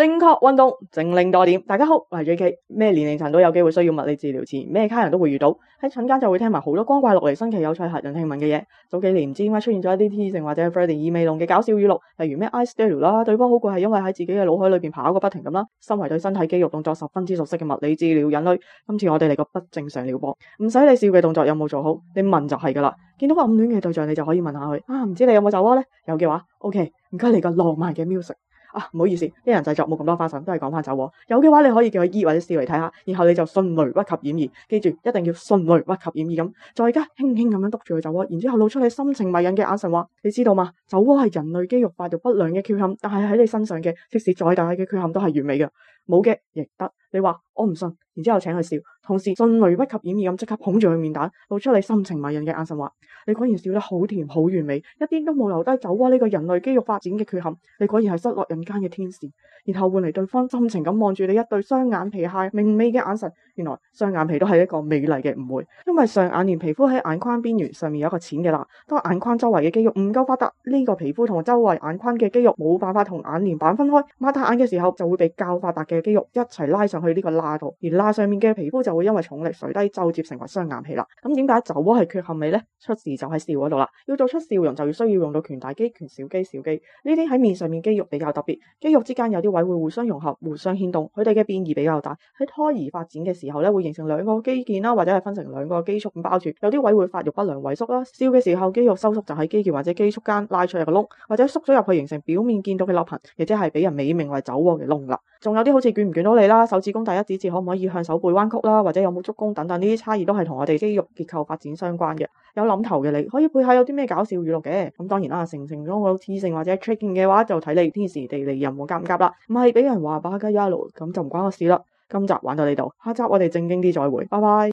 正確運動正令多點，大家好，我係 J K。咩年齡層都有機會需要物理治療，自咩卡人都會遇到。喺診間就會聽埋好多光怪陸離、新奇有趣、嚇人聽聞嘅嘢。早幾年唔知點解出現咗一啲 T 性或者 Freddie 意味濃嘅搞笑語錄，例如咩 I stare 啦，對方好攰係因為喺自己嘅腦海裏邊跑個不停咁啦。身為對身體肌肉動作十分之熟悉嘅物理治療人類，今次我哋嚟個不正常療播，唔使你笑嘅動作有冇做好，你問就係㗎喇。見到個暗戀嘅對象，你就可以問下佢啊，唔知你有冇酒窩呢？有嘅話，O K，唔該嚟個浪漫嘅 music。啊，唔好意思，一人製作冇咁多花臣，都係講翻酒窩。有嘅話，你可以叫佢 E 或者四嚟睇下，然後你就迅雷不及掩耳，記住一定要迅雷不及掩耳咁，再加輕輕咁樣督住佢酒窩，然之後露出你深情迷人嘅眼神話，話你知道嘛？酒窩係人類肌肉發育不良嘅缺陷，但係喺你身上嘅，即使再大嘅缺陷都係完美嘅。冇嘅亦得，你話我唔信，然之後請佢笑，同時迅雷不及掩耳咁即刻捧住佢面蛋，露出你深情迷人嘅眼神話，話你果然笑得好甜好完美，一啲都冇留低酒、啊。窩、這、呢個人類肌肉發展嘅缺陷，你果然係失落人間嘅天使。然後換嚟對方深情咁望住你一對雙眼皮，下明媚嘅眼神，原來雙眼皮都係一個美麗嘅誤會，因為上眼瞼皮膚喺眼眶邊緣上面有一個淺嘅罅，當眼眶周圍嘅肌肉唔夠發達，呢、這個皮膚同周圍眼眶嘅肌肉冇辦法同眼瞼板分開，擘大眼嘅時候就會被較發達。嘅肌肉一齊拉上去呢個罅度，而罅上面嘅皮膚就會因為重力垂低，皺褶成為雙眼皮啦。咁點解酒窩係缺陷美咧？出事就喺笑嗰度啦。要做出笑容，就要需要用到顴大肌、顴小肌、小肌。呢啲喺面上面肌肉比較特別。肌肉之間有啲位會互相融合、互相牽動，佢哋嘅變異比較大。喺胎兒發展嘅時候咧，會形成兩個肌腱啦，或者係分成兩個肌束包住。有啲位會發育不良、萎縮啦。笑嘅時候，肌肉收縮就喺肌腱或者肌束間拉出嚟個窿，或者縮咗入去形成表面見到嘅凹痕，亦即係俾人美名為酒窩嘅窿啦。仲有啲好似捲唔捲到你啦，手指公第一指節可唔可以向手背彎曲啦，或者有冇足弓等等，呢啲差異都係同我哋肌肉結構發展相關嘅。有諗頭嘅你可以背下有啲咩搞笑語錄嘅。咁當然啦，成成中好天性或者 tricking 嘅話就睇你天時地利人和夾唔夾啦。唔係俾人話把雞鴨路咁就唔關我事啦。今集玩到呢度，下集我哋正經啲再會，拜拜。